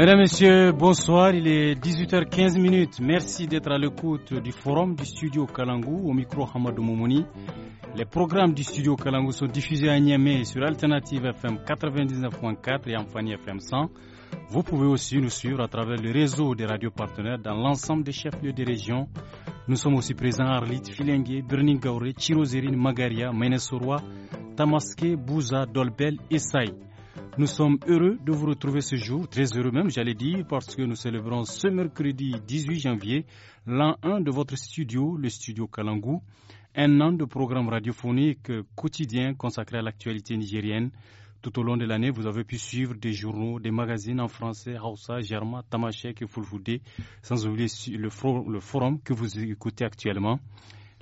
Mesdames, Messieurs, bonsoir. Il est 18h15 minutes. Merci d'être à l'écoute du forum du studio Kalangou au micro Hamadou Moumouni. Les programmes du studio Kalangou sont diffusés à Niamey sur Alternative FM 99.4 et Amphani FM 100. Vous pouvez aussi nous suivre à travers le réseau des radios partenaires dans l'ensemble des chefs-lieux des régions. Nous sommes aussi présents à Arlit, Filengue, Bernin Gauré, Magaria, Menesoroa, Tamaske, Bouza, Dolbel et Saï. Nous sommes heureux de vous retrouver ce jour, très heureux même, j'allais dire, parce que nous célébrons ce mercredi 18 janvier l'an 1 de votre studio, le studio Kalangou, un an de programme radiophonique quotidien consacré à l'actualité nigérienne. Tout au long de l'année, vous avez pu suivre des journaux, des magazines en français, Hausa, Germa, Tamashek et Fulfoudé, sans oublier le forum que vous écoutez actuellement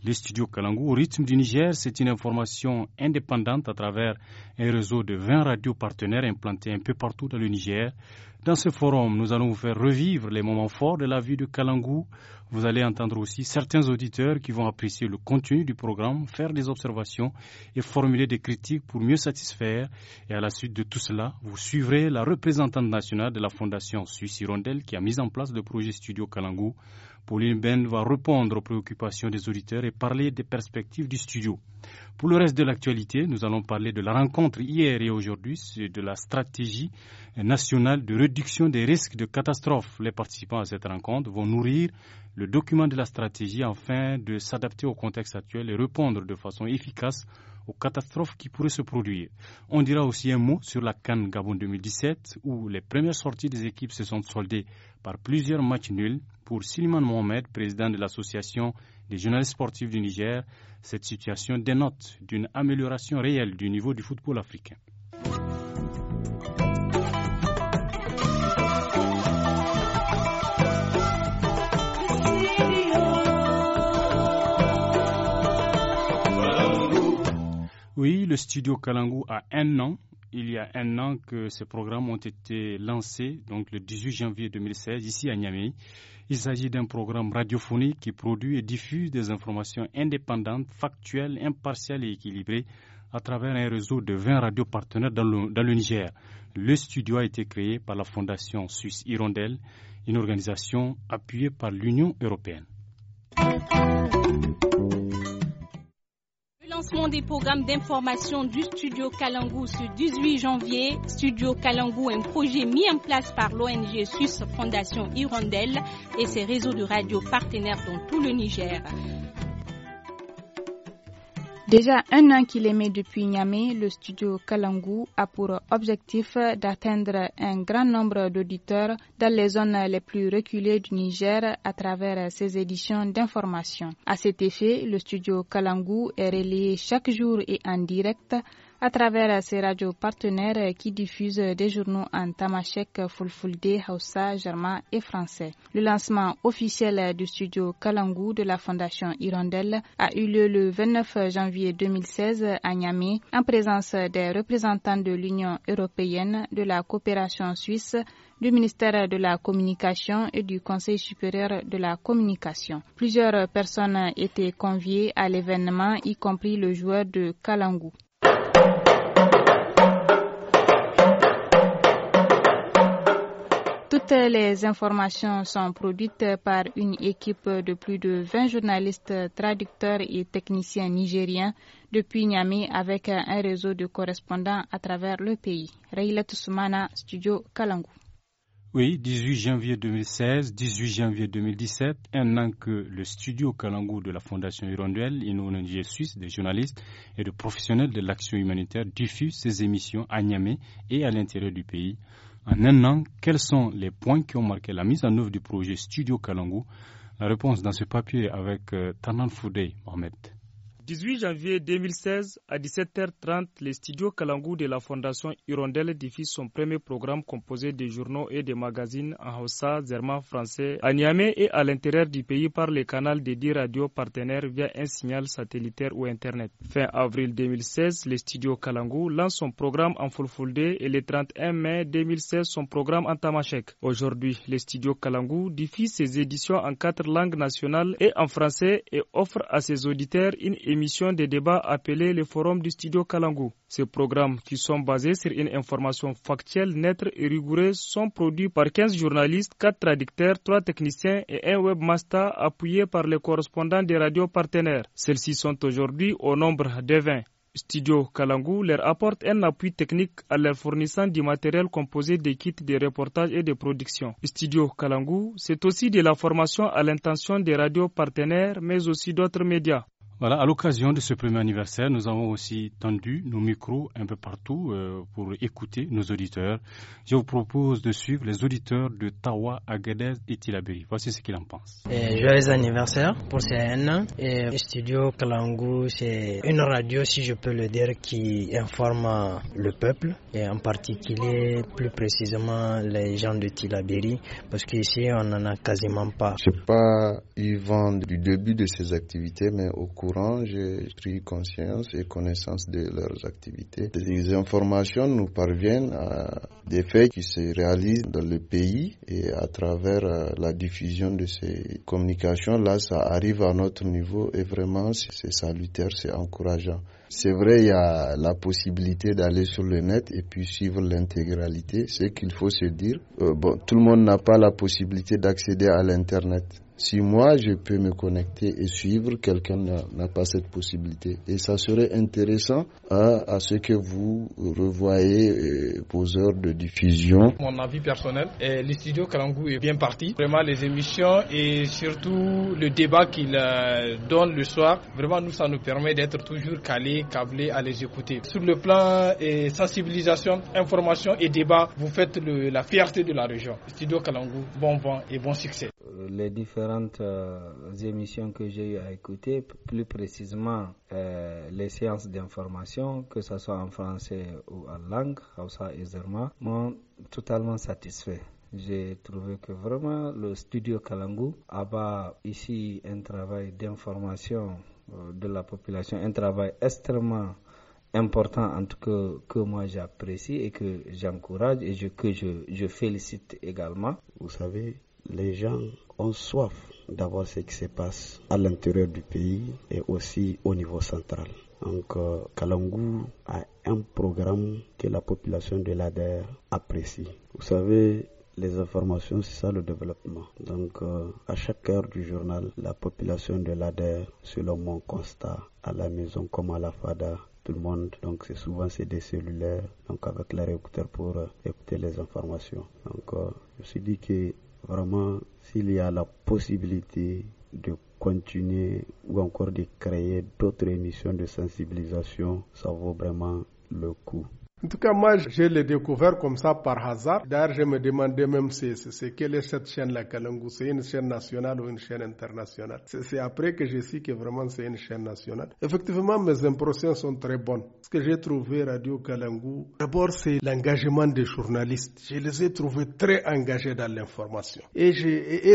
les studios Kalangou au rythme du Niger. C'est une information indépendante à travers un réseau de 20 radios partenaires implantés un peu partout dans le Niger. Dans ce forum, nous allons vous faire revivre les moments forts de la vie de Kalangou. Vous allez entendre aussi certains auditeurs qui vont apprécier le contenu du programme, faire des observations et formuler des critiques pour mieux satisfaire. Et à la suite de tout cela, vous suivrez la représentante nationale de la Fondation Suisse Hirondelle qui a mis en place le projet Studio Kalangou Pauline Ben va répondre aux préoccupations des auditeurs et parler des perspectives du studio. Pour le reste de l'actualité, nous allons parler de la rencontre hier et aujourd'hui de la stratégie nationale de réduction des risques de catastrophe. Les participants à cette rencontre vont nourrir le document de la stratégie afin de s'adapter au contexte actuel et répondre de façon efficace aux catastrophes qui pourraient se produire. On dira aussi un mot sur la Cannes Gabon 2017 où les premières sorties des équipes se sont soldées par plusieurs matchs nuls pour Siliman Mohamed, président de l'Association des journalistes sportifs du Niger. Cette situation dénote d'une amélioration réelle du niveau du football africain. Oui, le studio Kalangu a un an il y a un an que ces programmes ont été lancés, donc le 18 janvier 2016, ici à Niamey. Il s'agit d'un programme radiophonique qui produit et diffuse des informations indépendantes, factuelles, impartiales et équilibrées à travers un réseau de 20 radios partenaires dans le, dans le Niger. Le studio a été créé par la Fondation Suisse Hirondelle, une organisation appuyée par l'Union européenne lancement des programmes d'information du Studio Kalangou ce 18 janvier. Studio Kalangou, un projet mis en place par l'ONG SUS Fondation Hirondelle et ses réseaux de radio partenaires dans tout le Niger. Déjà un an qu'il est depuis Niamey, le studio Kalangu a pour objectif d'atteindre un grand nombre d'auditeurs dans les zones les plus reculées du Niger à travers ses éditions d'information. À cet effet, le studio Kalangu est relayé chaque jour et en direct à travers ces radios partenaires qui diffusent des journaux en tamashek, fulfulde, haussa, germain et français. Le lancement officiel du studio Kalangu de la Fondation Hirondelle a eu lieu le 29 janvier 2016 à Niamey en présence des représentants de l'Union européenne, de la coopération suisse, du ministère de la Communication et du Conseil supérieur de la Communication. Plusieurs personnes étaient conviées à l'événement, y compris le joueur de Kalangu. toutes les informations sont produites par une équipe de plus de 20 journalistes, traducteurs et techniciens nigériens depuis Niamey avec un réseau de correspondants à travers le pays. Raylette Soumana, Studio Kalangu. Oui, 18 janvier 2016, 18 janvier 2017, un an que le studio Kalangu de la Fondation Hirondelle, une ONG suisse des journalistes et de professionnels de l'action humanitaire, diffuse ses émissions à Niamey et à l'intérieur du pays. En un an, quels sont les points qui ont marqué la mise en œuvre du projet Studio Kalangu La réponse dans ce papier avec euh, Tanan Mohamed. 18 janvier 2016, à 17h30, les studios Kalangu de la Fondation Hirondelle diffusent son premier programme composé de journaux et de magazines en Hausa, Zerman français, à et à l'intérieur du pays par les canaux des 10 radios partenaires via un signal satellitaire ou Internet. Fin avril 2016, les studios Kalangu lance son programme en Fulfulde et le 31 mai 2016, son programme en Tamashek. Aujourd'hui, les studios Kalangu diffusent ses éditions en quatre langues nationales et en français et offre à ses auditeurs une émission mission des débats appelée le Forum du Studio Kalangu. Ces programmes, qui sont basés sur une information factuelle, nette et rigoureuse, sont produits par 15 journalistes, 4 traducteurs, 3 techniciens et un webmaster appuyé par les correspondants des radios partenaires. Celles-ci sont aujourd'hui au nombre de 20. Studio Kalangu leur apporte un appui technique à leur fournissant du matériel composé des kits de reportage et de production. Studio Kalangu, c'est aussi de la formation à l'intention des radios partenaires, mais aussi d'autres médias. Voilà, à l'occasion de ce premier anniversaire, nous avons aussi tendu nos micros un peu partout euh, pour écouter nos auditeurs. Je vous propose de suivre les auditeurs de Tawa, Agadez et Tilaberi. Voici ce qu'ils en pensent. joyeux anniversaire pour CN. Et Studio Kalangu, c'est une radio, si je peux le dire, qui informe le peuple et en particulier, plus précisément, les gens de Tilaberi parce qu'ici, on n'en a quasiment pas. Je ne sais pas, Yvan, du début de ses activités, mais au cours courant, j'ai pris conscience et connaissance de leurs activités. Les informations nous parviennent à des faits qui se réalisent dans le pays et à travers euh, la diffusion de ces communications-là, ça arrive à notre niveau et vraiment c'est salutaire, c'est encourageant. C'est vrai, il y a la possibilité d'aller sur le net et puis suivre l'intégralité. Ce qu'il faut se dire, euh, bon, tout le monde n'a pas la possibilité d'accéder à l'Internet. Si moi, je peux me connecter et suivre, quelqu'un n'a pas cette possibilité. Et ça serait intéressant hein, à, ce que vous revoyez euh, vos heures de diffusion. Mon avis personnel, le studio Kalangou est bien parti. Vraiment, les émissions et surtout le débat qu'il euh, donne le soir, vraiment, nous, ça nous permet d'être toujours calés, câblés à les écouter. Sur le plan sensibilisation, information et débat, vous faites la fierté de la région. Studio Kalangou, bon vent et bon succès les différentes euh, émissions que j'ai eu à écouter, plus précisément euh, les séances d'information, que ce soit en français ou en langue, m'ont totalement satisfait. J'ai trouvé que vraiment le studio Kalangu abat ici un travail d'information euh, de la population, un travail extrêmement important en tout cas que moi j'apprécie et que j'encourage et je, que je félicite également. Vous savez, les gens ont soif d'avoir ce qui se passe à l'intérieur du pays et aussi au niveau central. Donc, euh, Kalangou Kalangu a un programme que la population de l'ADER apprécie. Vous savez, les informations, c'est ça le développement. Donc, euh, à chaque heure du journal, la population de l'ADER, selon mon constat, à la maison comme à la FADA, tout le monde. Donc c'est souvent c'est des cellulaires, donc avec la écouteur pour euh, écouter les informations. Donc je me suis dit que Vraiment, s'il y a la possibilité de continuer ou encore de créer d'autres émissions de sensibilisation, ça vaut vraiment le coup. En tout cas, moi, je l'ai découvert comme ça par hasard. D'ailleurs, je me demandais même si c'est, quelle est cette chaîne, là Kalangu C'est une chaîne nationale ou une chaîne internationale c'est, après que j'ai su que vraiment c'est une chaîne nationale. Effectivement, mes impressions sont très bonnes. Ce que j'ai trouvé Radio Kalangu, d'abord, c'est l'engagement des journalistes. Je les ai trouvés très engagés dans l'information. Et,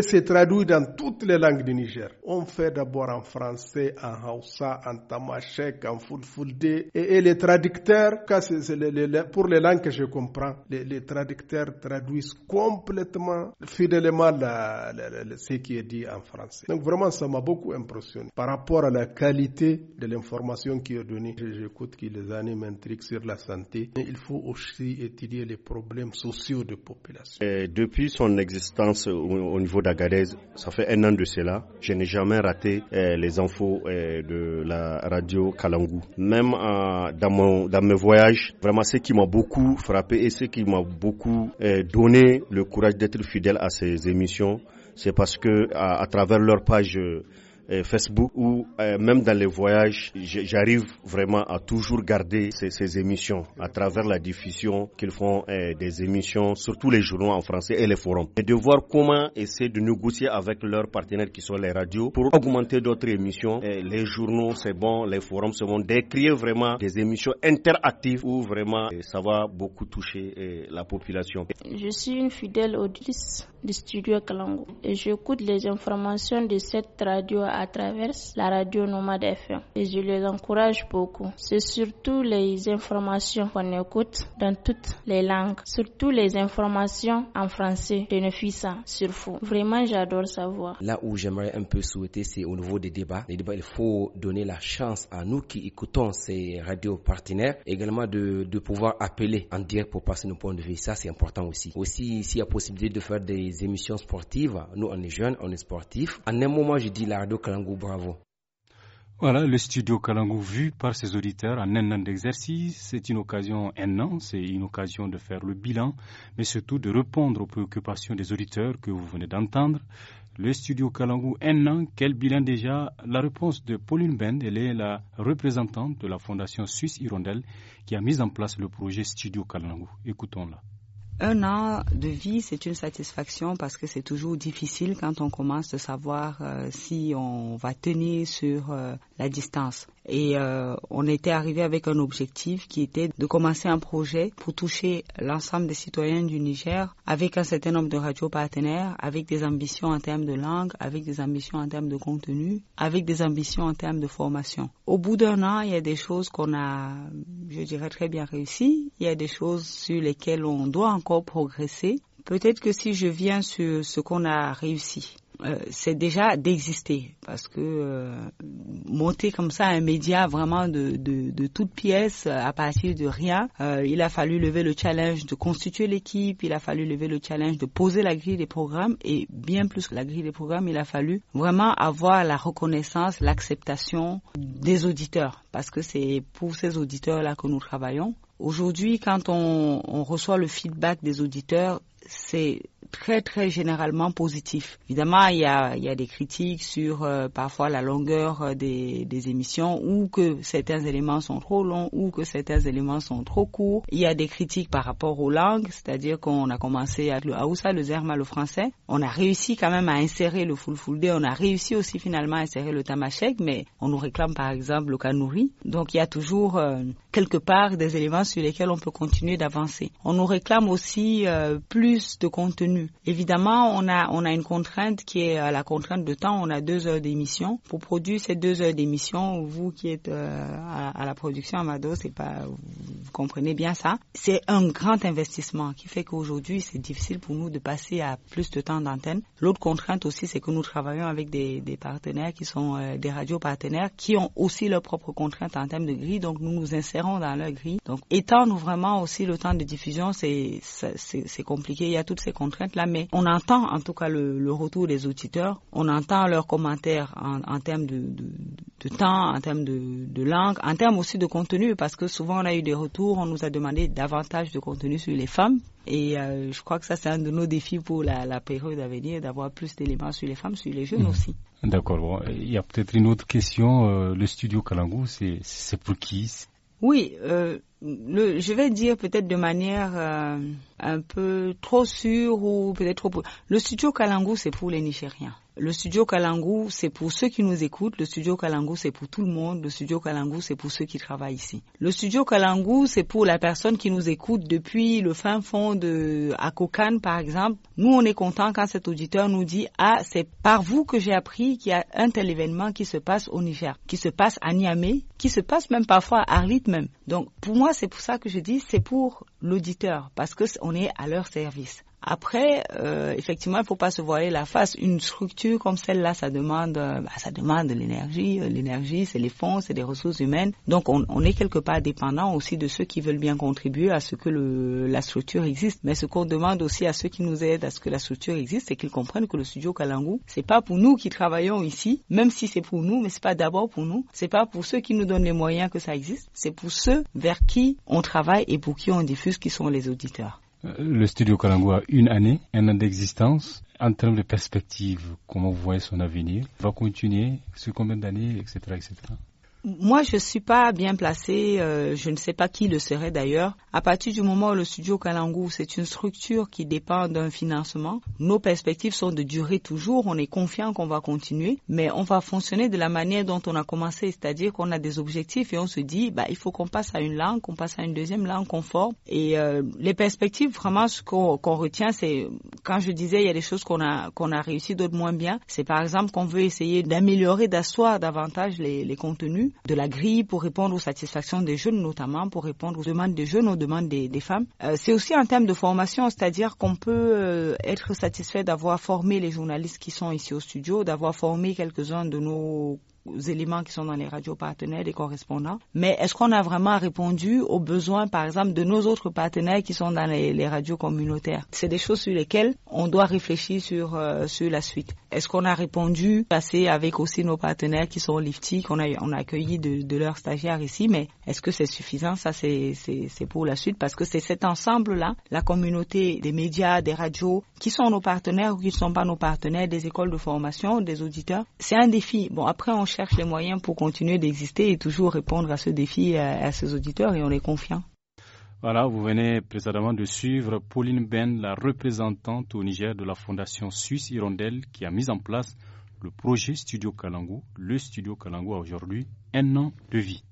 c'est traduit dans toutes les langues du Niger. On fait d'abord en français, en Hausa, en Tamashek, en Fulfulde. Et, et les traducteurs, quand c'est les pour les langues que je comprends, les, traducteurs traduisent complètement fidèlement ce qui est dit en français. Donc vraiment, ça m'a beaucoup impressionné. Par rapport à la qualité de l'information qui est donnée, j'écoute que les années m'intriguent sur la santé, mais il faut aussi étudier les problèmes sociaux de population. depuis son existence au, niveau d'Agadez, ça fait un an de cela, je n'ai jamais raté euh, les infos euh, de la radio Kalangou, Même euh, dans mes voyages, vraiment ce qui m'a beaucoup frappé et ce qui m'a beaucoup euh, donné le courage d'être fidèle à ces émissions, c'est parce que à, travers leur page euh, Facebook ou euh, même dans les voyages, j'arrive vraiment à toujours garder ces, ces, émissions à travers la diffusion qu'ils font euh, des émissions, surtout les journaux en français et les forums. Et de voir comment essayer de négocier avec leurs partenaires qui sont les radios pour augmenter d'autres émissions. les journaux, c'est bon, les forums, c'est bon. D'écrire vraiment des émissions interactives où vraiment ça va beaucoup toucher la population. Je suis une fidèle auditrice du studio Kalango. Et j'écoute les informations de cette radio à travers la radio Nomade FM. Et je les encourage beaucoup. C'est surtout les informations qu'on écoute dans toutes les langues. Surtout les informations en français de Nefissa hein, sur Fou. Vraiment, j'adore savoir. Là où j'aimerais un peu souhaiter, c'est au niveau des débats. Les débats, il faut donner la chance à nous qui écoutons ces radios partenaires également de, de pouvoir appeler en direct pour passer nos points de vue. Ça, c'est important aussi. Aussi, s'il y a possibilité de faire des émissions sportives. Nous, on est jeunes, on est sportifs. En un moment, je dis Lardo Kalangou, bravo. Voilà, le studio Kalangou vu par ses auditeurs en un an d'exercice, c'est une occasion, un an, c'est une occasion de faire le bilan, mais surtout de répondre aux préoccupations des auditeurs que vous venez d'entendre. Le studio Kalangou, un an, quel bilan déjà La réponse de Pauline Bend, elle est la représentante de la Fondation Suisse Hirondelle qui a mis en place le projet Studio Kalangou. Écoutons-la. Un an de vie, c'est une satisfaction parce que c'est toujours difficile quand on commence de savoir euh, si on va tenir sur euh, la distance et euh, on était arrivé avec un objectif qui était de commencer un projet pour toucher l'ensemble des citoyens du Niger avec un certain nombre de radios partenaires, avec des ambitions en termes de langue, avec des ambitions en termes de contenu, avec des ambitions en termes de formation. Au bout d'un an, il y a des choses qu'on a, je dirais, très bien réussies. Il y a des choses sur lesquelles on doit encore progresser. Peut-être que si je viens sur ce qu'on a réussi, euh, c'est déjà d'exister. Parce que euh, monter comme ça un média vraiment de, de, de toute pièce euh, à partir de rien, il a fallu lever le challenge de constituer l'équipe, il a fallu lever le challenge de poser la grille des programmes et bien plus que la grille des programmes, il a fallu vraiment avoir la reconnaissance, l'acceptation des auditeurs. Parce que c'est pour ces auditeurs-là que nous travaillons. Aujourd'hui, quand on, on reçoit le feedback des auditeurs, c'est très très généralement positif. Évidemment, il y a, il y a des critiques sur euh, parfois la longueur euh, des, des, émissions ou que certains éléments sont trop longs ou que certains éléments sont trop courts. Il y a des critiques par rapport aux langues, c'est-à-dire qu'on a commencé avec le Hausa, le Zerma, le français. On a réussi quand même à insérer le Fulfulde, on a réussi aussi finalement à insérer le Tamashek, mais on nous réclame par exemple le Kanouri. Donc il y a toujours euh, quelque part des éléments sur lesquels on peut continuer d'avancer. On nous réclame aussi plus de contenu Évidemment, on a, on a une contrainte qui est euh, la contrainte de temps. On a deux heures d'émission. Pour produire ces deux heures d'émission, vous qui êtes euh, à, la production Amado, c'est pas, vous comprenez bien ça. C'est un grand investissement qui fait qu'aujourd'hui, c'est difficile pour nous de passer à plus de temps d'antenne. L'autre contrainte aussi, c'est que nous travaillons avec des, partenaires qui sont euh, des radios partenaires qui ont aussi leurs propres contraintes en termes de grille. Donc, nous nous insérons dans leur grille. Donc, étendre vraiment aussi le temps de diffusion, c'est compliqué. Il y a toutes ces contraintes-là, mais on entend en tout cas le, retour des auditeurs. On entend leurs commentaires en, termes de, temps, en termes de, de langue, en termes aussi de contenu, parce que souvent, on a eu des retours tour, on nous a demandé davantage de contenu sur les femmes. Et euh, je crois que ça, c'est un de nos défis pour la, période à venir, d'avoir plus d'éléments sur les femmes, sur les jeunes mhm. aussi. D'accord. Il y a peut-être une autre question. Euh, le studio Kalangu, c'est pour qui oui, euh, le, je vais dire peut-être de manière un peu trop sûre ou peut-être trop... Le studio Kalangu, c'est pour les Nigériens. Le studio Kalangu, c'est pour ceux qui nous écoutent. Le studio Kalangu, c'est pour tout le monde. Le studio Kalangu, c'est pour ceux qui travaillent ici. Le studio Kalangu, c'est pour la personne qui nous écoute depuis le fin fond de Akokan, par exemple. Nous, on est content quand cet auditeur nous dit Ah, c'est par vous que j'ai appris qu'il y a un tel événement qui se passe au Niger, qui se passe à Niamey, qui se passe même parfois à Arlit même. Donc, pour moi, c'est pour ça que je dis c'est pour l'auditeur, parce que on est à leur service. Après, euh, effectivement, il faut pas se voiler la face. Une structure comme celle-là, ça demande, euh, bah, ça demande de l'énergie. Euh, l'énergie, c'est les fonds, c'est des ressources humaines. Donc, on, on, est quelque part dépendant aussi de ceux qui veulent bien contribuer à ce que le, la structure existe. Mais ce qu'on demande aussi à ceux qui nous aident à ce que la structure existe, c'est qu'ils comprennent que le studio Kalangu, c'est pas pour nous qui travaillons ici, même si c'est pour nous, mais c'est pas d'abord pour nous. C'est pas pour ceux qui nous donnent les moyens que ça existe. C'est pour ceux vers qui on travaille et pour qui on diffuse, qui sont les auditeurs. Euh, le studio Kalango a une année, un an d'existence. En termes de perspective, comment vous voyez son avenir Va continuer sur combien d'années, etc., etc. Moi, je ne suis pas bien placée, euh, je ne sais pas qui le serait d'ailleurs. À partir du moment où le studio Kalangou, c'est une structure qui dépend d'un financement, nos perspectives sont de durer toujours, on est confiant qu'on va continuer, mais on va fonctionner de la manière dont on a commencé, c'est-à-dire qu'on a des objectifs et on se dit, bah, il faut qu'on passe à une langue, qu'on passe à une deuxième langue forme. Et euh, les perspectives, vraiment, ce qu'on retient, c'est, quand je disais, il y a des choses qu'on a, qu'on a réussi, d'autres moins bien, c'est par exemple qu'on veut essayer d'améliorer, d'asseoir davantage les, les contenus de la grille pour répondre aux satisfactions des jeunes, notamment pour répondre aux demandes des jeunes, aux demandes des, femmes. Euh, c'est aussi un thème de formation, c'est-à-dire qu'on peut euh, être satisfait d'avoir formé les journalistes qui sont ici au studio, d'avoir formé quelques-uns de nos éléments qui sont dans les radios partenaires des correspondants. Mais est-ce qu'on a vraiment répondu aux besoins, par exemple, de nos autres partenaires qui sont dans les, radios communautaires C'est des choses sur lesquelles on doit réfléchir sur, euh, sur la suite. Est-ce qu'on a répondu, passé avec aussi nos partenaires qui sont au lifty, qu'on a, on a accueilli de, de leurs stagiaires ici, mais est-ce que c'est suffisant Ça, c'est pour la suite parce que c'est cet ensemble-là, la communauté des médias, des radios, qui sont nos partenaires ou qui ne sont pas nos partenaires, des écoles de formation, des auditeurs. C'est un défi. Bon, après, on cherche les moyens pour continuer d'exister et toujours répondre à ce défi à, ses auditeurs et on est confiant. Voilà, vous venez précédemment de suivre Pauline Ben, la représentante au Niger de la Fondation Suisse Hirondelle qui a mis en place le projet Studio Kalangu, le Studio Kalangu a aujourd'hui un an de vie.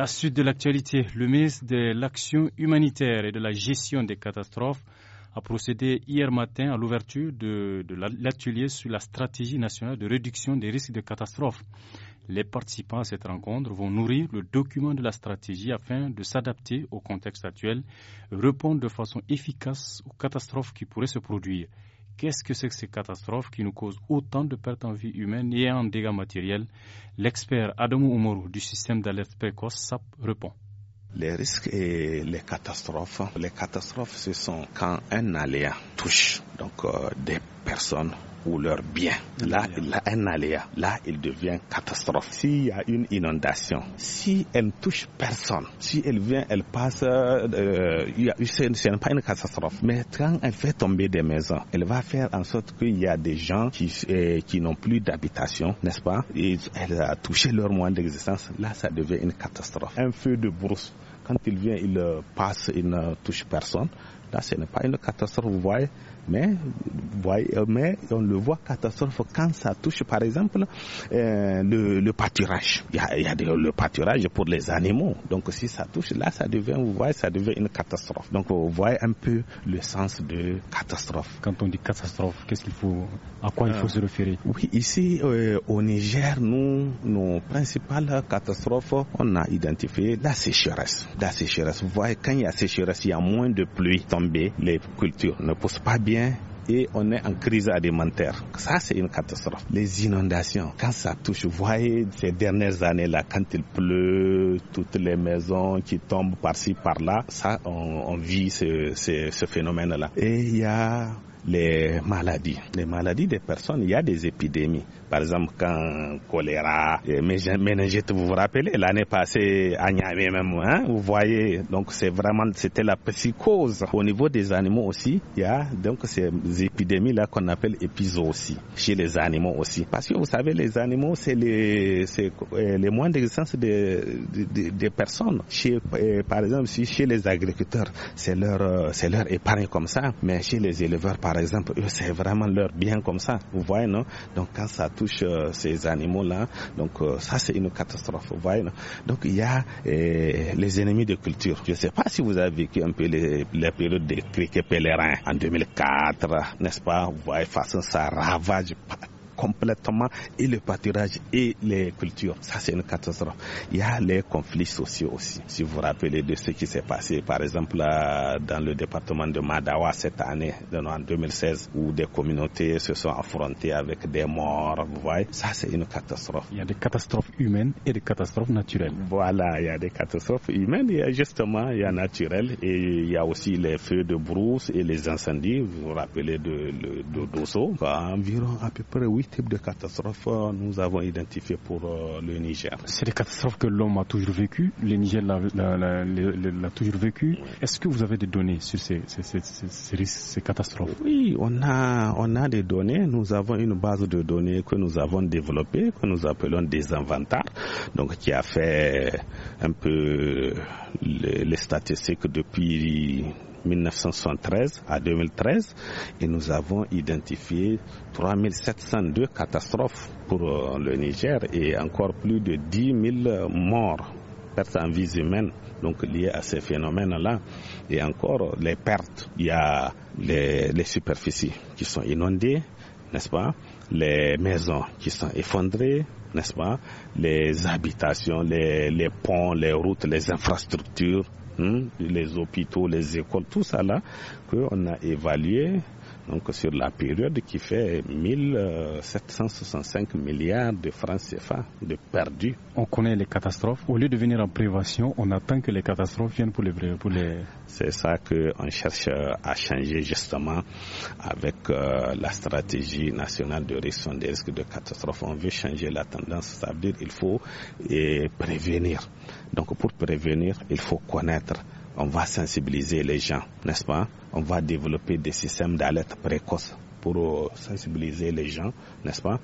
La suite de l'actualité, le ministre de l'Action humanitaire et de la gestion des catastrophes a procédé hier matin à l'ouverture de, l'atelier sur la stratégie nationale de réduction des risques de catastrophes. Les participants à cette rencontre vont nourrir le document de la stratégie afin de s'adapter au contexte actuel, répondre de façon efficace aux catastrophes qui pourraient se produire. Qu'est-ce que c'est que ces catastrophes qui nous causent autant de pertes en vie humaine et en dégâts matériels L'expert Adamo Umoru du système d'alerte précoce SAP répond. Les risques et les catastrophes. Les catastrophes, ce sont quand un aléa touche donc euh, des personnes ou leur bien. Là, il a un aléa, là, il devient catastrophe. S'il y a une inondation, si elle ne touche personne, si elle vient, elle passe, euh, euh ce n'est pas une catastrophe. Mais quand elle fait tomber des maisons, elle va faire en sorte qu'il y a des gens qui, euh, qui n'ont plus d'habitation, n'est-ce pas Et elle a touché leur moindre d'existence. Là, ça devient une catastrophe. Un feu de brousse, quand il vient, il euh, passe, il ne touche personne. Là, ce n'est pas une catastrophe, vous voyez, mais, euh, mais on le voit catastrophe quand ça touche, par exemple, euh, le, pâturage. Il y a, le pâturage pour les animaux. Donc, si ça touche, là, ça devient, ça devient une catastrophe. Donc, vous voyez un peu le sens de catastrophe. Quand on dit catastrophe, qu'est-ce qu'il faut, à quoi il faut ah. se référer ici, euh, au Niger, nous, nos principales catastrophes, on a identifié la sécheresse. La sécheresse, vous voyez, quand il y a sécheresse, il y a moins de pluie les cultures ne poussent pas bien, et on est en crise alimentaire. Ça, c'est une catastrophe. Les inondations, quand ça touche, vous voyez ces dernières années-là, quand il pleut, toutes les maisons qui tombent par-ci, par-là, ça, on, vit ce phénomène-là. Et il y a les maladies. Les maladies des personnes, il y a des épidémies. Par exemple, quand choléra, méningite, vous vous rappelez, l'année passée, à Niamey même, hein, vous voyez, donc c'est vraiment, c'était la psychose. Au niveau des animaux aussi, il y a donc ces épidémies-là qu'on appelle épizooties, chez les animaux aussi. Parce que vous savez, les animaux, c'est les, c'est euh, les moins d'existence des de, de, personnes. Chez, euh, par exemple, si chez les agriculteurs, c'est leur, euh, c'est leur épargne comme ça, mais chez les éleveurs, par par exemple, c'est vraiment leur bien comme ça. Vous voyez, non Donc, quand ça touche euh, ces animaux-là, donc euh, ça, c'est une catastrophe. Vous voyez, non Donc, il y a eh, les ennemis de culture. Je ne sais pas si vous avez vécu un peu les, les périodes des criquets pèlerins en 2004, n'est-ce pas Vous voyez, façon, ça ravage complètement et le pâturage et les cultures. Ça, c'est une catastrophe. Il y a les conflits sociaux aussi. Si vous vous rappelez de ce qui s'est passé, par exemple, euh, dans le département de Madawa cette année, en 2016, où des communautés se sont affrontées avec des morts, vous voyez, ça, c'est une catastrophe. Il y a des catastrophes humaines et des catastrophes naturelles. Voilà, il y a des catastrophes humaines, et y justement, il y a naturelles, et il y a aussi les feux de brousse et les incendies. Vous vous rappelez de, de, environ à peu près 8 types de catastrophes euh, nous avons identifiés pour euh, le Niger. C'est des catastrophes que l'homme a toujours vécues, le Niger l'a toujours vécu. Est-ce que vous avez des données sur ces, ces, catastrophes Oui, on a, on a des données. Nous avons une base de données que nous avons développée, que nous appelons des inventaires, donc qui a fait un peu les statistiques depuis 1973 à 2013 et nous avons identifié 3702 catastrophes pour euh, le Niger et encore plus de 10 000 morts pertes en vie humaine donc liées à ces phénomènes-là. Et encore, les pertes, il y a les, les superficies qui sont inondées, n'est-ce pas Les maisons qui sont effondrées, n'est-ce pas Les habitations, les, les ponts, les routes, les infrastructures, Hein, les hôpitaux, les écoles, tout ça là, qu'on a évalué donc sur la période qui fait 1765 milliards de francs CFA de perdus. On connaît les catastrophes. Au lieu de venir en privation, on attend que les catastrophes viennent pour les... C'est ça qu'on cherche euh, à changer justement avec euh, la stratégie nationale de réduction de catastrophe. On veut changer la tendance, ça veut dire qu'il faut prévenir. Donc pour prévenir, il faut connaître on va sensibiliser les gens, n'est-ce pas On va développer des systèmes d'alerte précoce pour euh, sensibiliser les gens, n'est-ce pas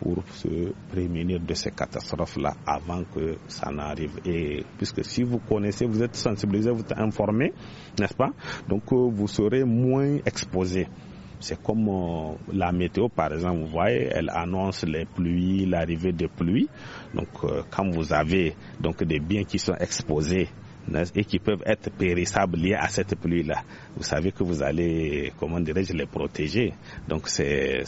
pour se prémunir de ces catastrophes-là avant que ça n'arrive. Et puisque si vous connaissez, vous êtes sensibilisé, vous êtes informé, n'est-ce pas Donc euh, vous serez moins exposé. C'est comme euh, la météo, par exemple, vous voyez, elle annonce les pluies, l'arrivée des pluies. Donc, quand vous avez donc des biens qui sont exposés et qui peuvent être périssables liés à cette pluie-là. Vous savez que vous allez, comment dirais-je, les protéger. Donc c'est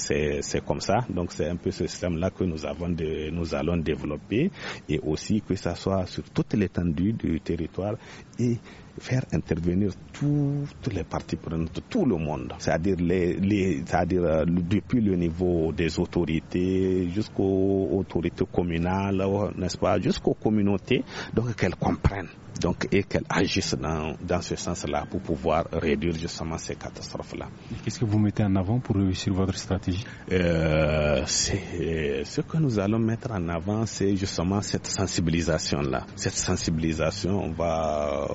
comme ça. Donc c'est un peu ce système-là que nous avons, de, nous allons développer et aussi que ça soit sur toute l'étendue du territoire et faire intervenir toutes les parties prenantes, tout le monde, c'est-à-dire les, c'est-à-dire euh, depuis le niveau des autorités jusqu'aux autorités communales, n'est-ce pas, jusqu'aux communautés, donc qu'elles comprennent donc, et qu'elles agissent dans, dans ce sens-là pour pouvoir réduire justement ces catastrophes-là. Qu'est-ce que vous mettez en avant pour réussir votre stratégie euh, euh, Ce que nous allons mettre en avant, c'est justement cette sensibilisation-là. Cette sensibilisation, on va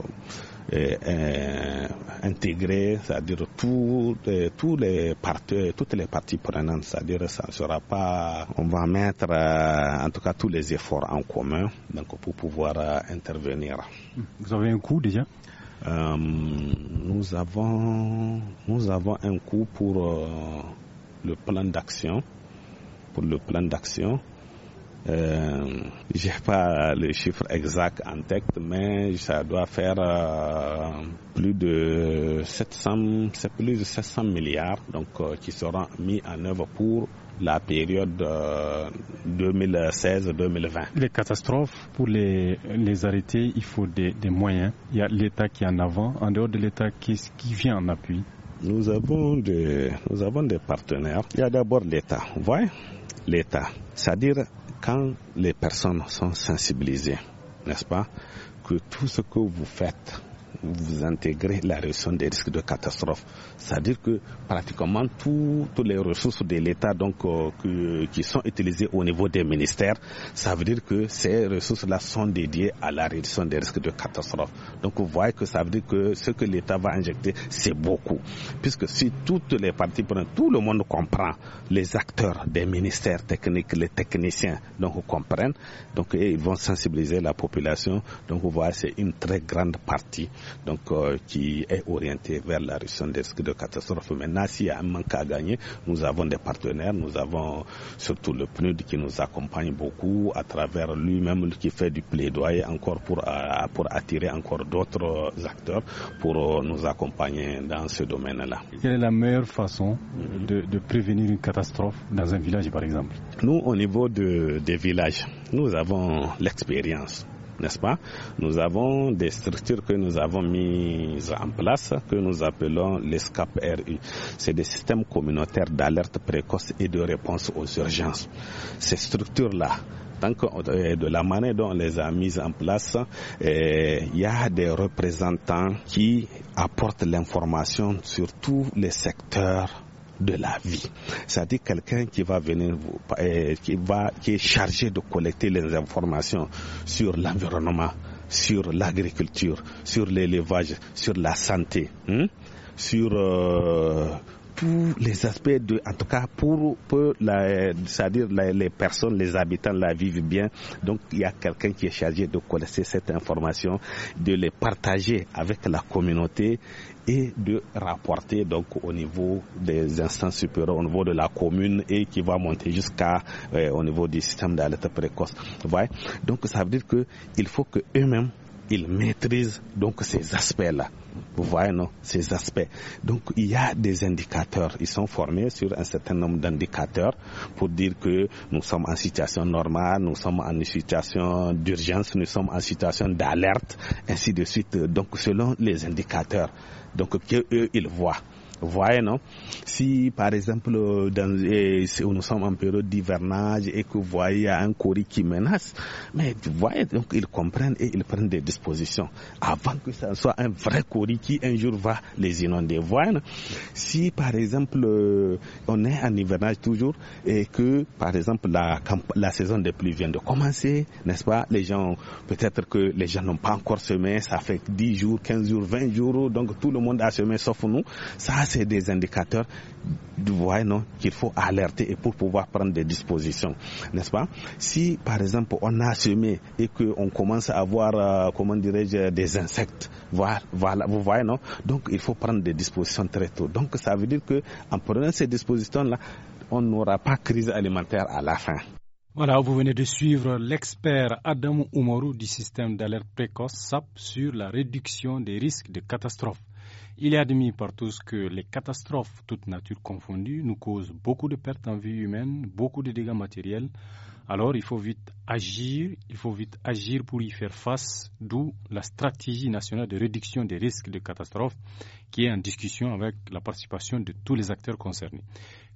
eh, eh, intégrer, c'est-à-dire tout, eh, tous les parties, toutes les parties prenantes, c'est-à-dire ça ne sera pas, on va mettre en tout cas tous les efforts en commun donc pour pouvoir intervenir. Vous avez un coût déjà euh, nous avons nous avons un coût pour euh, le plan d'action pour le plan d'action euh, je n'ai pas le chiffre exact en tête, mais ça doit faire euh, plus de 700, plus de milliards donc, euh, qui seront mis en œuvre pour la période 2016-2020. Euh, les catastrophes, pour les, les arrêter, il faut des, moyens. Il y a l'État qui est en avant. En dehors de l'État, qu'est-ce qui vient en appui nous avons, des, nous avons des partenaires. Il y a d'abord l'État. Vous voyez L'État. C'est-à-dire quand les personnes sont sensibilisées, n'est-ce pas, que tout ce que vous faites vous intégrez la réduction des risques de catastrophe. C'est-à-dire que pratiquement toutes les ressources de l'État donc euh, qui sont utilisées au niveau des ministères, ça veut dire que ces ressources-là sont dédiées à la réduction des risques de catastrophe. Donc vous voyez que ça veut dire que ce que l'État va injecter, c'est beaucoup. Puisque si toutes les parties prennent, tout le monde comprend, les acteurs des ministères techniques, les techniciens, donc comprennent, donc ils vont sensibiliser la population. Donc vous voyez, c'est une très grande partie donc euh, qui est orienté vers la réduction des risques de catastrophe. Maintenant, s'il y a un manque à gagner, nous avons des partenaires, nous avons surtout le PNUD qui nous accompagne beaucoup à travers lui-même qui fait du plaidoyer encore pour, euh, attirer encore d'autres euh, acteurs pour nous accompagner dans ce domaine-là. Quelle est la meilleure façon mhm. de, prévenir une catastrophe dans un village, par exemple Nous, au niveau des villages, nous avons l'expérience n'est-ce pas Nous avons des structures que nous avons mises en place que nous appelons les SCAP RU. C'est des systèmes communautaires d'alerte précoce et de réponse aux urgences. Ces structures-là, euh, de la manière dont on les a mises en place, euh, il y a des représentants qui apportent l'information sur tous les secteurs de la vie. C'est-à-dire quelqu'un qui va venir, euh, qui va, qui est chargé de collecter les informations sur l'environnement, sur l'agriculture, sur l'élevage, sur la santé, hein, sur euh, tous les aspects de, en tout cas pour, pour c'est-à-dire les personnes, les habitants la vivent bien. Donc il y a quelqu'un qui est chargé de collecter cette information, de les partager avec la communauté et de rapporter donc au niveau des instances supérieures, au niveau de la commune et qui va monter jusqu'à euh, au niveau du système d'alerte précoce. donc ça veut dire qu'il faut que eux-mêmes ils maîtrisent donc ces aspects-là. Vous voyez, Ces aspects. Donc, il y a des indicateurs. Ils sont formés sur un certain nombre d'indicateurs pour dire que nous sommes en situation normale, nous sommes en situation d'urgence, nous sommes en situation d'alerte, ainsi de suite. Donc, selon les indicateurs. Donc, eux, ils voient voyez, non Si, par exemple, dans, eh, nous sommes en période d'hivernage et que vous voyez un courri qui menace, mais vous voyez, donc ils comprennent et ils prennent des dispositions avant que ça soit un vrai courri qui un jour va les inonder. voyez, non Si, par exemple, euh, on est en hivernage toujours et que, par exemple, la, la saison des pluies vient de commencer, n'est-ce pas Les gens, peut-être que les gens n'ont pas encore semé, ça fait 10 jours, 15 jours, 20 jours, donc tout le monde a semé sauf nous. Ça c'est des indicateurs qu'il faut alerter et pour pouvoir prendre des dispositions, n'est-ce pas Si par exemple on a semé et que on commence à avoir, euh, comment dirais-je, des insectes, voilà, vous voyez, non Donc il faut prendre des dispositions très tôt. Donc ça veut dire que en prenant ces dispositions-là, on n'aura pas crise alimentaire à la fin. Voilà, vous venez de suivre l'expert Adam Oumarou du système d'alerte précoce SAP sur la réduction des risques de catastrophe. Il est admis par tous que les catastrophes, toutes natures confondues, nous causent beaucoup de pertes en vie humaine, beaucoup de dégâts matériels. Alors il faut vite agir, il faut vite agir pour y faire face, d'où la stratégie nationale de réduction des risques de catastrophes qui est en discussion avec la participation de tous les acteurs concernés.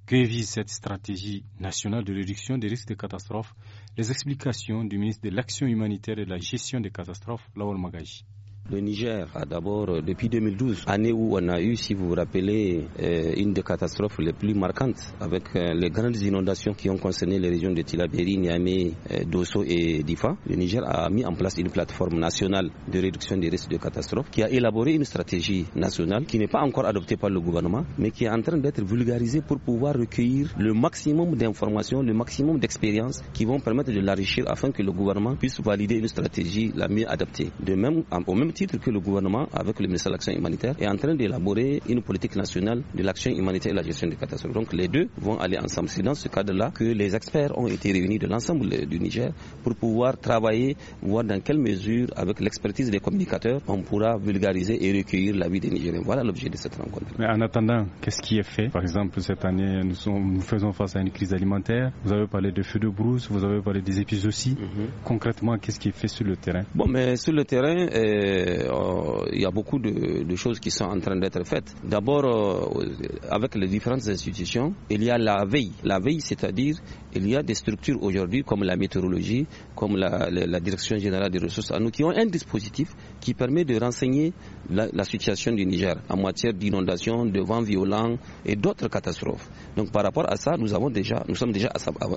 Que vise cette stratégie nationale de réduction des risques de catastrophes Les explications du ministre de l'Action humanitaire et de la gestion des catastrophes, Laurent Magaji. Le Niger a d'abord, euh, depuis 2012, année où on a eu, si vous vous rappelez, euh, une des catastrophes les plus marquantes avec euh, les grandes inondations qui ont concerné les régions de Tilaberi, Niamey, Dosso et Difa. Le Niger a mis en place une plateforme nationale de réduction des risques de catastrophe, qui a élaboré une stratégie nationale qui n'est pas encore adoptée par le gouvernement, mais qui est en train d'être vulgarisée pour pouvoir recueillir le maximum d'informations, le maximum d'expériences qui vont permettre de l'enrichir afin que le gouvernement puisse valider une stratégie la mieux adaptée. De même, au même titre que le gouvernement, avec le ministère de l'Action humanitaire, est en train d'élaborer une politique nationale de l'action humanitaire et la gestion des catastrophes. Donc les deux vont aller ensemble. C'est dans ce cadre-là que les experts ont été réunis de l'ensemble du Niger pour pouvoir travailler, voir dans quelle mesure, avec l'expertise des communicateurs, on pourra vulgariser et recueillir la vie des Nigériens. Voilà l'objet de cette rencontre. Mais en attendant, qu'est-ce qui est fait Par exemple, cette année, nous, sommes, nous, faisons face à une crise alimentaire. Vous avez parlé de feux de brousse, vous avez parlé des épisodes aussi. Mhm. Concrètement, qu'est-ce qui est fait sur le terrain Bon, mais sur le terrain, euh, euh, euh, il y a beaucoup de, choses qui sont en train d'être faites. D'abord, euh, avec les différentes institutions, il y a la veille. La veille, c'est-à-dire il y a des structures aujourd'hui comme la météorologie, comme la, Direction générale des ressources à nous, qui ont un dispositif qui permet de renseigner la, situation du Niger en matière d'inondation, de vents violents et d'autres catastrophes. Donc par rapport à ça, nous, avons déjà, nous sommes déjà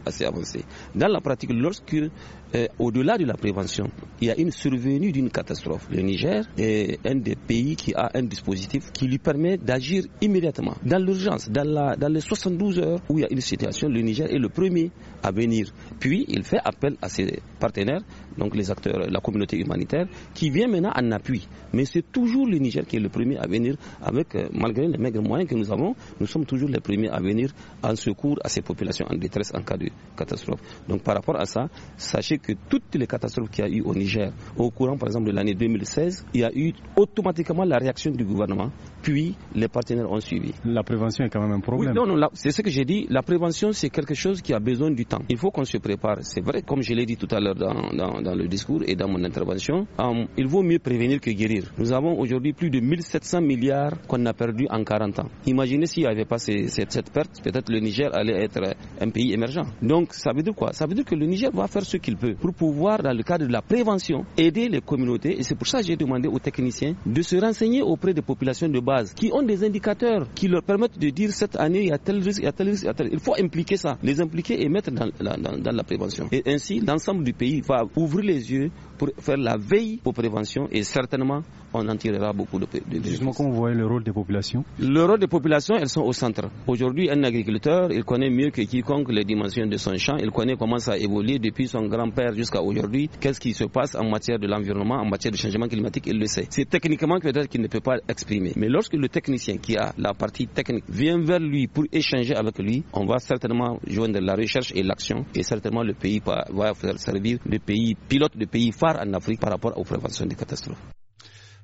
assez avancés. Dans la pratique, lorsque, euh, au-delà de la prévention, il y a une survenue d'une catastrophe, le Niger est un des pays qui a un dispositif qui lui permet d'agir immédiatement, dans l'urgence, dans les 72 heures où il y a une situation, le Niger est le premier à venir. Puis il fait appel à ses partenaires, donc les acteurs, la communauté humanitaire, qui vient maintenant en appui. Mais c'est toujours le Niger qui est le premier à venir, avec, euh, malgré les maigres moyens que nous avons, nous sommes toujours les premiers à venir en secours à ces populations en détresse en cas de catastrophe. Donc par rapport à ça, sachez que toutes les catastrophes qu'il y a eu au Niger, au courant par exemple de l'année 2016, il y a eu automatiquement la réaction du gouvernement, puis les partenaires ont suivi. La prévention est quand même un problème. non, non, c'est ce que j'ai dit. La prévention, c'est quelque chose qui a besoin du temps. Il faut qu'on se prépare. C'est vrai, comme je l'ai dit tout à l'heure dans, dans, le discours et dans mon intervention, euh, il vaut mieux prévenir que guérir. Nous avons aujourd'hui plus de 1700 milliards qu'on a perdu en 40 ans. Imaginez s'il n'y avait pas cette, perte, peut-être le Niger allait être un pays émergent. Donc ça veut dire quoi Ça veut dire que le Niger va faire ce qu'il peut pour pouvoir, dans le cadre de la prévention, aider les communautés. Et c'est pour ça que j'ai demandé aux techniciens de se renseigner auprès des populations de base qui ont des indicateurs qui leur permettent de dire cette année il y a tel risque, il y a tel risque, il y a Il faut impliquer ça, les impliquer mettre dans, la prévention. Et ainsi, l'ensemble du pays va ouvrir les yeux pour faire la veille pour prévention et certainement on en tirera beaucoup de, de Justement, comment vous voyez le rôle des populations Le rôle des populations, elles sont au centre. Aujourd'hui, un agriculteur, il connaît mieux que quiconque les dimensions de son champ, il connaît comment ça évolue depuis son grand-père jusqu'à aujourd'hui, qu'est-ce qui se passe en matière de l'environnement, en matière de changement climatique, il le sait. C'est techniquement peut-être qu'il ne peut pas exprimer. Mais lorsque le technicien qui a la partie technique vient vers lui pour échanger avec lui, on va certainement joindre la recherche recherche et l'action. Et certainement, le pays va faire servir de pays pilote, de pays phare en Afrique par rapport aux préventions des catastrophes.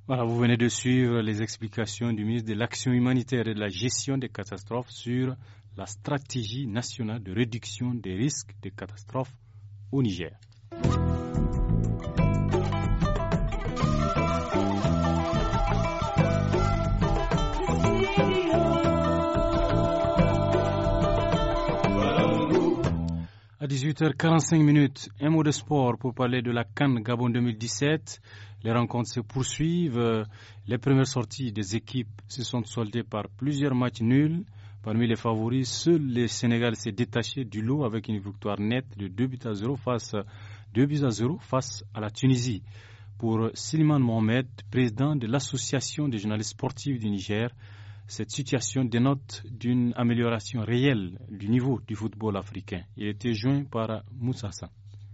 Voilà, vous venez de suivre les explications du ministre de l'Action humanitaire et de la gestion des catastrophes sur la stratégie nationale de réduction des risques de catastrophes au Niger. 18h45 un mot de sport pour parler de la Cannes Gabon 2017. Les rencontres se poursuivent. Les premières sorties des équipes se sont soldées par plusieurs matchs nuls. Parmi les favoris, seul le Sénégal s'est détaché du lot avec une victoire nette de 2 buts à 0 face, 2 buts à 0 face à la Tunisie. Pour Siliman Mohamed, président de l'Association des journalistes sportifs du Niger, cette situation dénote d'une amélioration réelle du niveau du football africain. Il a été joint par Moussassa.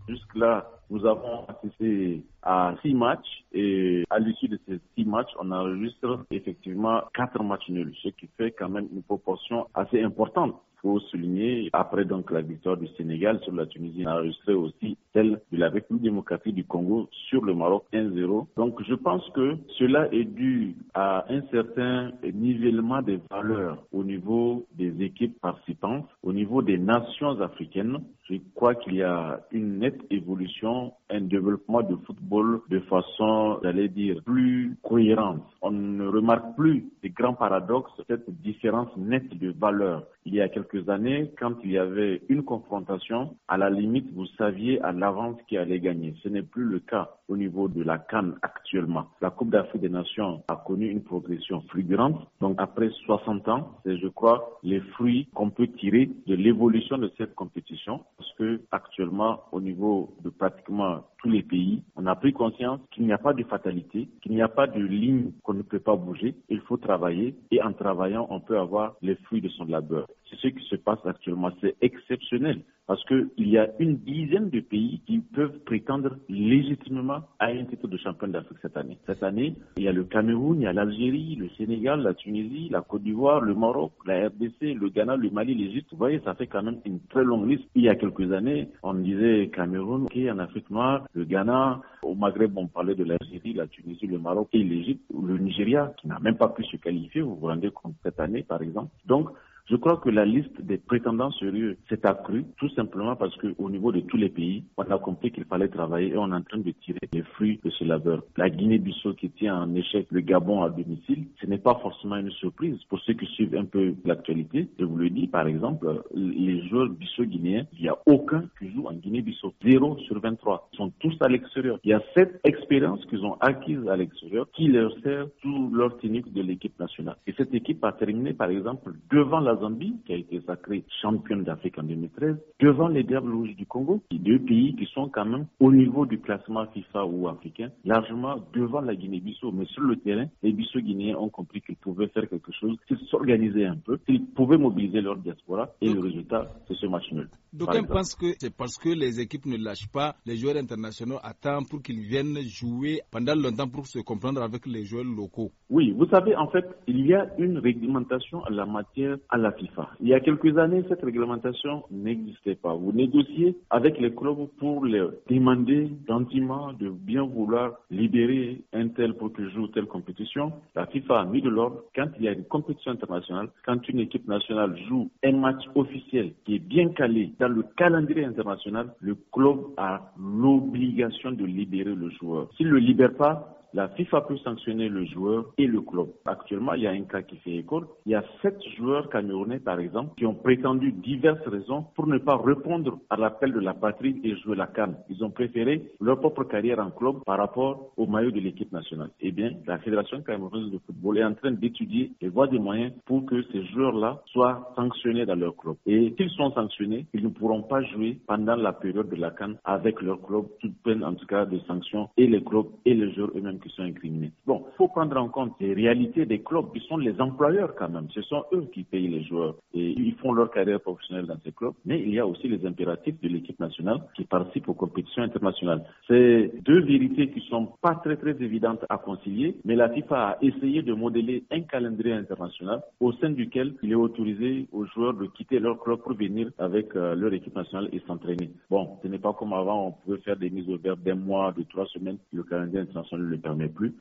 Jusque-là, nous avons assisté à six matchs et à l'issue de ces six matchs, on a enregistré effectivement quatre matchs nuls, ce qui fait quand même une proportion assez importante faut souligner, après donc la victoire du Sénégal sur la Tunisie, on a enregistré aussi celle de la République démocratique du Congo sur le Maroc 1-0. Donc je pense que cela est dû à un certain nivellement des valeurs au niveau des équipes participantes, au niveau des nations africaines. Je crois qu'il y a une nette évolution, un développement du football de façon, j'allais dire, plus cohérente. On ne remarque plus des grands paradoxes, cette différence nette de valeurs. Il y a quelques années, quand il y avait une confrontation, à la limite, vous saviez à l'avance qui allait gagner. Ce n'est plus le cas au niveau de la Cannes actuellement. La Coupe d'Afrique des Nations a connu une progression fulgurante. Donc après 60 ans, c'est je crois les fruits qu'on peut tirer de l'évolution de cette compétition parce que actuellement au niveau de pratiquement tous les pays, on a pris conscience qu'il n'y a pas de fatalité, qu'il n'y a pas de ligne qu'on ne peut pas bouger. Il faut travailler et en travaillant, on peut avoir les fruits de son labeur. C'est ce qui se passe actuellement. C'est exceptionnel parce qu'il y a une dizaine de pays qui peuvent prétendre légitimement à un titre de champion d'Afrique cette année. Cette année, il y a le Cameroun, il y a l'Algérie, le Sénégal, la Tunisie, la Côte d'Ivoire, le Maroc, la RDC, le Ghana, le Mali, l'Égypte. Vous voyez, ça fait quand même une très longue liste. Il y a quelques années, on disait Cameroun, qui en Afrique noire, le Ghana, au Maghreb, on parlait de l'Algérie, la Tunisie, le Maroc et l'Égypte, le Nigeria, qui n'a même pas pu se qualifier, vous vous rendez compte, cette année, par exemple. Donc, je crois que la liste des prétendants sérieux s'est accrue tout simplement parce que au niveau de tous les pays, on a compris qu'il fallait travailler et on est en train de tirer les fruits de ce labeur. La Guinée-Bissau qui tient en échec le Gabon à domicile, ce n'est pas forcément une surprise. Pour ceux qui suivent un peu l'actualité, je vous le dis, par exemple, les joueurs bissau-guinéens, il n'y a aucun qui joue en Guinée-Bissau. 0 sur 23. Ils sont tous à l'extérieur. Il y a cette expérience qu'ils ont acquise à l'extérieur qui leur sert tout leur technique de l'équipe nationale. Et cette équipe a terminé, par exemple, devant la Zambie, qui a été sacrée championne d'Afrique en 2013, devant les Diables Rouges du Congo, deux pays qui sont quand même au niveau du classement FIFA ou africain, largement devant la Guinée-Bissau. Mais sur le terrain, les Bissau-Guinéens ont compris qu'ils pouvaient faire quelque chose, qu'ils s'organisaient un peu, qu'ils pouvaient mobiliser leur diaspora, et le résultat, c'est ce match nul. D'aucuns pensent que c'est parce que les équipes ne lâchent pas les joueurs internationaux attendent pour qu'ils viennent jouer pendant longtemps pour se comprendre avec les joueurs locaux. Oui, vous savez, en fait, il y a une réglementation à la matière, à la FIFA. Il y a quelques années, cette réglementation n'existait pas. Vous négociez avec les clubs pour leur demander gentiment de bien vouloir libérer un tel pour que joue telle compétition. La FIFA a mis de l'ordre. Quand il y a une compétition internationale, quand une équipe nationale joue un match officiel qui est bien calé dans le calendrier international, le club a l'obligation de libérer le joueur. S'il ne le libère pas, la FIFA peut sanctionner le joueur et le club. Actuellement, il y a un cas qui fait école. Il y a sept joueurs camerounais, par exemple, qui ont prétendu diverses raisons pour ne pas répondre à l'appel de la patrie et jouer la canne. Ils ont préféré leur propre carrière en club par rapport au maillot de l'équipe nationale. Eh bien, la Fédération camerounaise de football est en train d'étudier et voies des moyens pour que ces joueurs-là soient sanctionnés dans leur club. Et s'ils sont sanctionnés, ils ne pourront pas jouer pendant la période de la canne avec leur club, toute peine en tout cas de sanctions et les clubs et les joueurs eux-mêmes qui sont incriminés. Bon, il faut prendre en compte les réalités des clubs qui sont les employeurs quand même. Ce sont eux qui payent les joueurs et ils font leur carrière professionnelle dans ces clubs. Mais il y a aussi les impératifs de l'équipe nationale qui participe aux compétitions internationales. C'est deux vérités qui sont pas très très évidentes à concilier, mais la FIFA a essayé de modéliser un calendrier international au sein duquel il est autorisé aux joueurs de quitter leur club pour venir avec euh, leur équipe nationale et s'entraîner. Bon, ce n'est pas comme avant, on pouvait faire des mises au vert d'un mois, de trois semaines. Le calendrier international le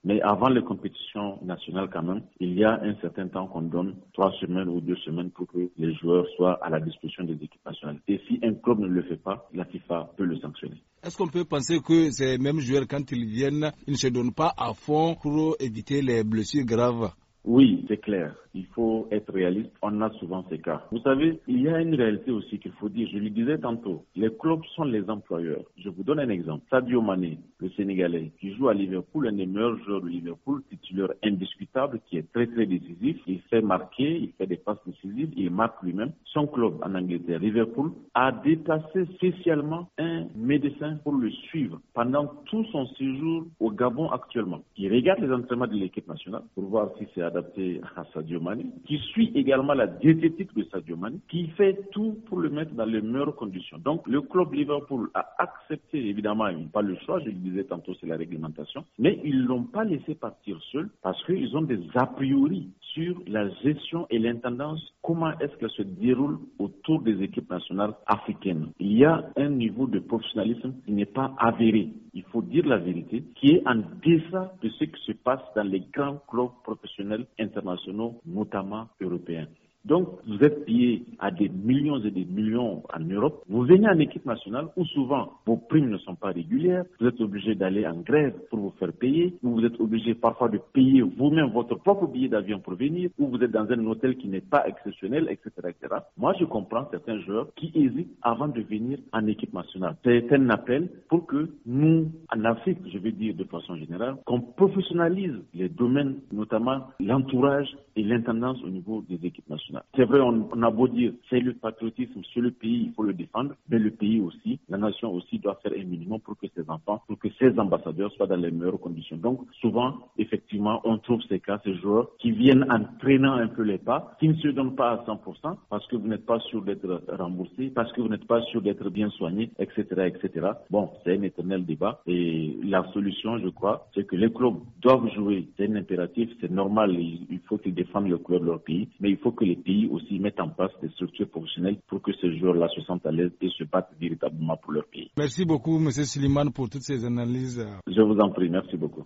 mais avant les compétitions nationales quand même, il y a un certain temps qu'on donne, trois semaines ou deux semaines pour que les joueurs soient à la disposition des équipes nationales. Et si un club ne le fait pas, la FIFA peut le sanctionner. Est-ce qu'on peut penser que ces mêmes joueurs, quand ils viennent, ils ne se donnent pas à fond pour éviter les blessures graves oui, c'est clair. Il faut être réaliste. On a souvent ces cas. Vous savez, il y a une réalité aussi qu'il faut dire. Je le disais tantôt, les clubs sont les employeurs. Je vous donne un exemple. Sadio Mané, le Sénégalais, qui joue à Liverpool, un des meilleurs joueurs de Liverpool, titulaire indiscutable, qui est très très décisif. Il fait marquer, il fait des passes décisives, il marque lui-même. Son club en Angleterre, Liverpool, a déplacé spécialement un médecin pour le suivre pendant tout son séjour au Gabon actuellement. Il regarde les entraînements de l'équipe nationale pour voir si c'est adapté à Sadio qui suit également la diététique de Sadio Mane, qui fait tout pour le mettre dans les meilleures conditions. Donc le club Liverpool a accepté, évidemment, ils n'ont pas le choix, je le disais tantôt, c'est la réglementation, mais ils l'ont pas laissé partir seul parce qu'ils ont des a priori sur la gestion et l'intendance, comment est-ce qu'elle se déroule autour des équipes nationales africaines. Il y a un niveau de professionnalisme qui n'est pas avéré, il faut dire la vérité, qui est en deçà de ce qui se passe dans les grands clubs professionnels internationaux, notamment européens. Donc, vous êtes payé à des millions et des millions en Europe. Vous venez en équipe nationale où souvent vos primes ne sont pas régulières. Vous êtes obligé d'aller en grève pour vous faire payer. Ou vous êtes obligé parfois de payer vous-même votre propre billet d'avion pour venir. Ou vous êtes dans un hôtel qui n'est pas exceptionnel, etc., etc. Moi, je comprends certains joueurs qui hésitent avant de venir en équipe nationale. C'est un appel pour que nous, en Afrique, je vais dire de façon générale, qu'on professionnalise les domaines, notamment l'entourage et l'intendance au niveau des équipes nationales. C'est vrai, on, a beau dire, c'est le patriotisme sur le pays, il faut le défendre, mais le pays aussi, la nation aussi doit faire un minimum pour que ses enfants, pour que ses ambassadeurs soient dans les meilleures conditions. Donc, souvent, effectivement, on trouve ces cas, ces joueurs qui viennent en traînant un peu les pas, qui ne se donnent pas à 100% parce que vous n'êtes pas sûr d'être remboursé, parce que vous n'êtes pas sûr d'être bien soigné, etc., etc. Bon, c'est un éternel débat et la solution, je crois, c'est que les clubs doivent jouer. C'est un impératif, c'est normal, il faut qu'ils défendent le club de leur pays, mais il faut que les pays aussi mettent en place des structures professionnelles pour que ces joueurs-là se sentent à l'aise et se battent véritablement pour leur pays. Merci beaucoup, M. Siliman, pour toutes ces analyses. Je vous en prie, merci beaucoup.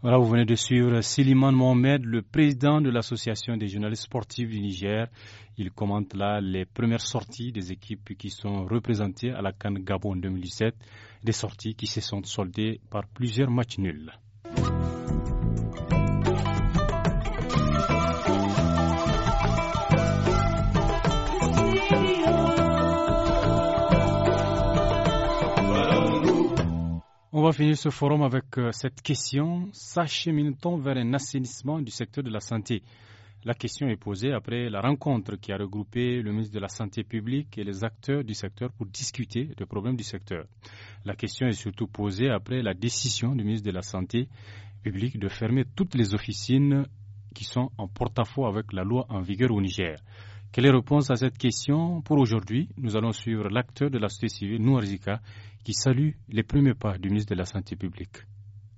Voilà, vous venez de suivre Siliman Mohamed, le président de l'Association des journalistes sportifs du Niger. Il commente là les premières sorties des équipes qui sont représentées à la Cannes Gabon 2017, des sorties qui se sont soldées par plusieurs matchs nuls. On va finir ce forum avec euh, cette question. sachemine vers un assainissement du secteur de la santé La question est posée après la rencontre qui a regroupé le ministre de la Santé publique et les acteurs du secteur pour discuter des problèmes du secteur. La question est surtout posée après la décision du ministre de la Santé publique de fermer toutes les officines qui sont en porte-à-faux avec la loi en vigueur au Niger. Quelle est la réponse à cette question Pour aujourd'hui, nous allons suivre l'acteur de la société civile, Nouarzika, qui salue les premiers pas du ministre de la Santé publique.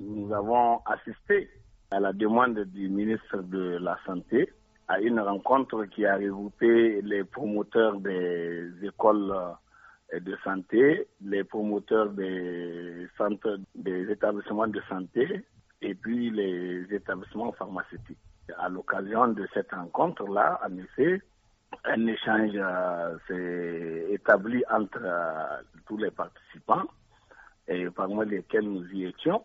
Nous avons assisté à la demande du ministre de la Santé à une rencontre qui a regroupé les promoteurs des écoles euh, de santé, les promoteurs des centres des établissements de santé et puis les établissements pharmaceutiques. À l'occasion de cette rencontre-là, en effet, un échange s'est euh, établi entre euh, tous les participants, et parmi lesquels nous y étions.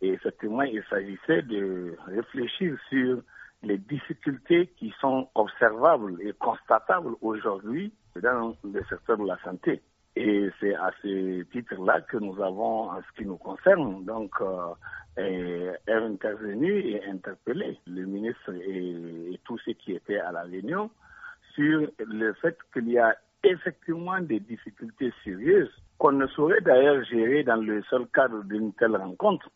Et effectivement, il s'agissait de réfléchir sur les difficultés qui sont observables et constatables aujourd'hui dans le secteur de la santé. Et c'est à ce titre-là que nous avons, en ce qui nous concerne, donc, euh, intervenu et interpellé le ministre et tous ceux qui étaient à la réunion sur le fait qu'il y a effectivement des difficultés sérieuses qu'on ne saurait d'ailleurs gérer dans le seul cadre d'une telle rencontre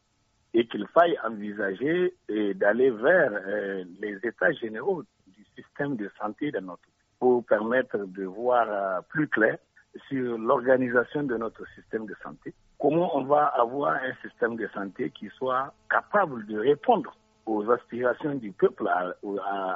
et qu'il faille envisager euh, d'aller vers euh, les états généraux du système de santé de notre pays pour permettre de voir euh, plus clair sur l'organisation de notre système de santé. Comment on va avoir un système de santé qui soit capable de répondre aux aspirations du peuple à,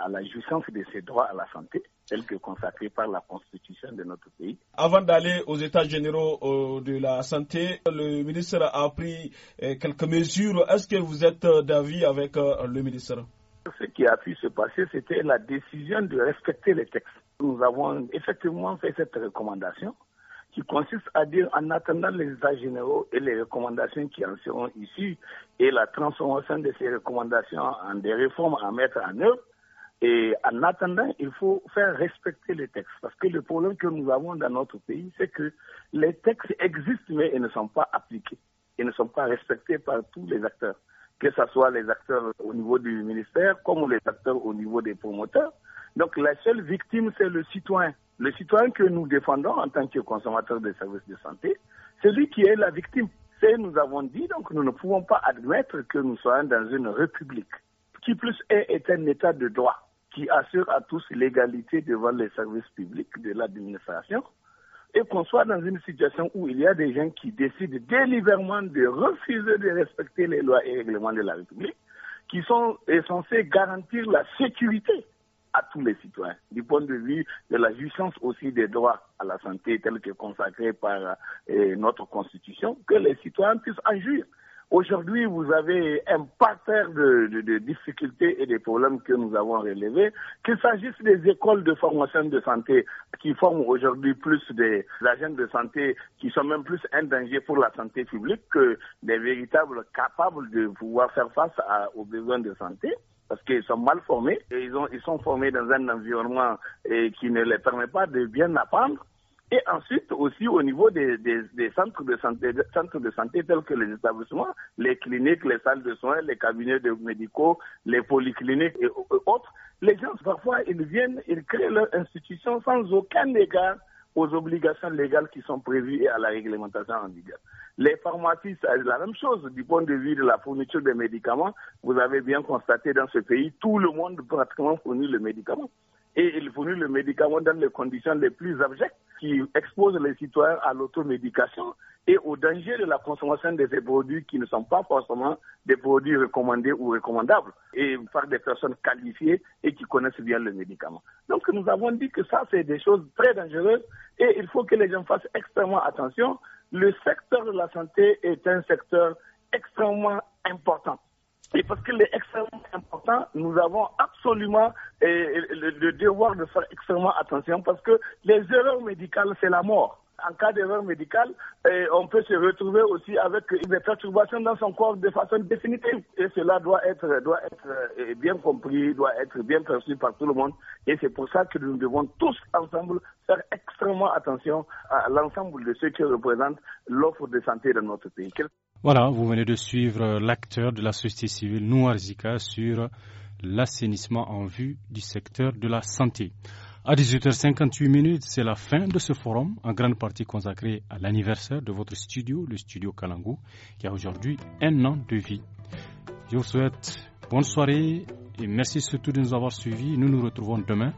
à la jouissance de ses droits à la santé tel que consacré par la Constitution de notre pays. Avant d'aller aux États généraux euh, de la santé, le ministre a pris euh, quelques mesures. Est-ce que vous êtes euh, d'avis avec le ministre Ce qui a pu se passer, c'était la décision de respecter les textes. Nous avons effectivement fait cette recommandation qui consiste à dire en attendant les états généraux et les recommandations qui en seront issues et la transformation de ces recommandations en des réformes à mettre en œuvre, et en attendant, il faut faire respecter les textes. Parce que le problème que nous avons dans notre pays, c'est que les textes existent, mais ils ne sont pas appliqués. Ils ne sont pas respectés par tous les acteurs. Que ce soit les acteurs au niveau du ministère, comme les acteurs au niveau des promoteurs. Donc la seule victime, c'est le citoyen. Le citoyen que nous défendons en tant que consommateur des services de santé, c'est lui qui est la victime. C'est nous avons dit, donc nous ne pouvons pas admettre que nous soyons dans une république, qui plus est, est un état de droit qui assure à tous l'égalité devant les services publics de l'administration et qu'on soit dans une situation où il y a des gens qui décident délibérément de refuser de respecter les lois et règlements de la République, qui sont censés garantir la sécurité à tous les citoyens, du point de vue de la jouissance aussi des droits à la santé tels que consacrés par euh, notre Constitution, que les citoyens puissent en jouir. Aujourd'hui, vous avez un parterre de, de, difficultés et des problèmes que nous avons relevés, qu'il s'agisse des écoles de formation de santé qui forment aujourd'hui plus des agents de santé qui sont même plus un danger pour la santé publique que des véritables capables de pouvoir faire face aux besoins de santé parce qu'ils sont mal formés et ils, ont, ils sont formés dans un environnement qui ne les permet pas de bien apprendre. Et ensuite aussi au niveau des, centres de santé, centres de santé tels que les établissements, les cliniques, les salles de soins, les cabinets de médicaux, les polycliniques et autres, les gens parfois ils viennent, ils créent leur institution sans aucun égard aux obligations légales qui sont prévues et à la réglementation en Les pharmacies, c'est la même chose du point de vue de la fourniture des médicaments. Vous avez bien constaté dans ce pays, tout le monde pratiquement fournit le médicament et il fournit le médicament dans les conditions les plus abjectes qui exposent les citoyens à l'automédication et au danger de la consommation de ces produits qui ne sont pas forcément des produits recommandés ou recommandables et par des personnes qualifiées et qui connaissent bien le médicament. Donc nous avons dit que ça, c'est des choses très dangereuses et il faut que les gens fassent extrêmement attention. Le secteur de la santé est un secteur extrêmement important et parce qu'il est extrêmement important, nous avons absolument le, devoir de faire extrêmement attention parce que les erreurs médicales, c'est la mort. En cas d'erreur médicale, on peut se retrouver aussi avec des perturbations dans son corps de façon définitive. Et cela doit être, doit être euh, bien compris, doit être bien perçu par tout le monde. Et c'est pour ça que nous devons tous ensemble faire extrêmement attention à l'ensemble de ceux qui représentent l'offre de santé de notre pays. Voilà, vous venez de suivre l'acteur de la société civile Noir Zika sur l'assainissement en vue du secteur de la santé. À 18h58 minutes, c'est la fin de ce forum, en grande partie consacré à l'anniversaire de votre studio, le studio Kalangu, qui a aujourd'hui un an de vie. Je vous souhaite bonne soirée et merci surtout de nous avoir suivis. Nous nous retrouvons demain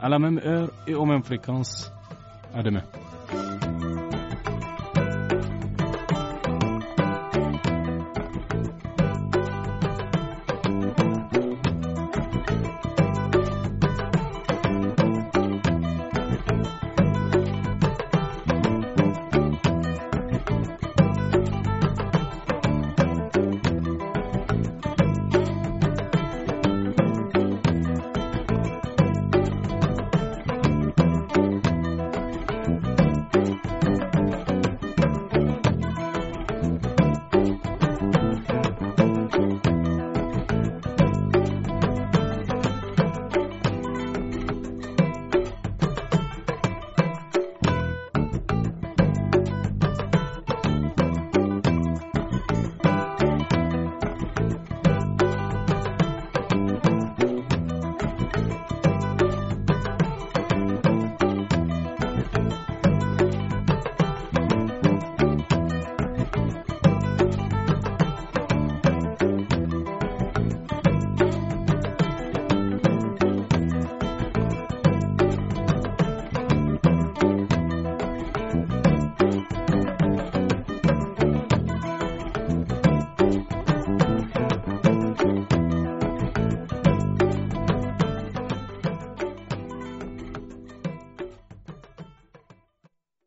à la même heure et aux mêmes fréquences. À demain.